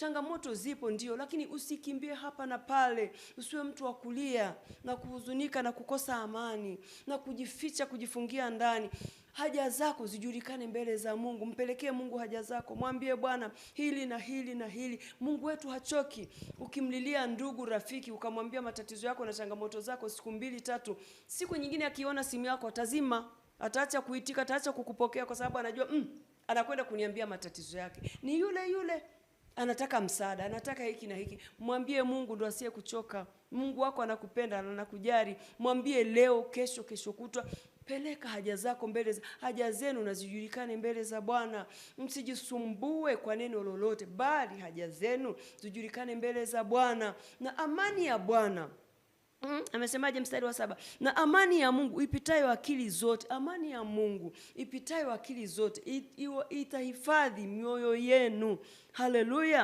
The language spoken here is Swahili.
Changamoto zipo ndio, lakini usikimbie hapa na pale, usiwe mtu wa kulia na kuhuzunika na kukosa amani na kujificha, kujifungia ndani. Haja zako zijulikane mbele za Mungu. Mpelekee Mungu haja zako, mwambie Bwana hili na hili na hili. Mungu wetu hachoki. Ukimlilia ndugu, rafiki, ukamwambia matatizo yako na changamoto zako, siku mbili tatu, siku nyingine akiona simu yako atazima, ataacha kuitika, ataacha kukupokea, kwa sababu anajua mm, anakwenda kuniambia matatizo yake ni yule yule anataka msaada, anataka hiki na hiki. Mwambie Mungu ndo asiye kuchoka. Mungu wako anakupenda na anakujali. Mwambie leo, kesho, kesho kutwa peleka haja zako mbele za, haja zenu nazijulikane mbele za Bwana. Msijisumbue kwa neno lolote, bali haja zenu zijulikane mbele za Bwana, na amani ya Bwana Mm, amesemaje mstari wa saba? Na amani ya Mungu ipitayo akili zote, amani ya Mungu ipitayo akili zote itahifadhi mioyo yenu. Haleluya.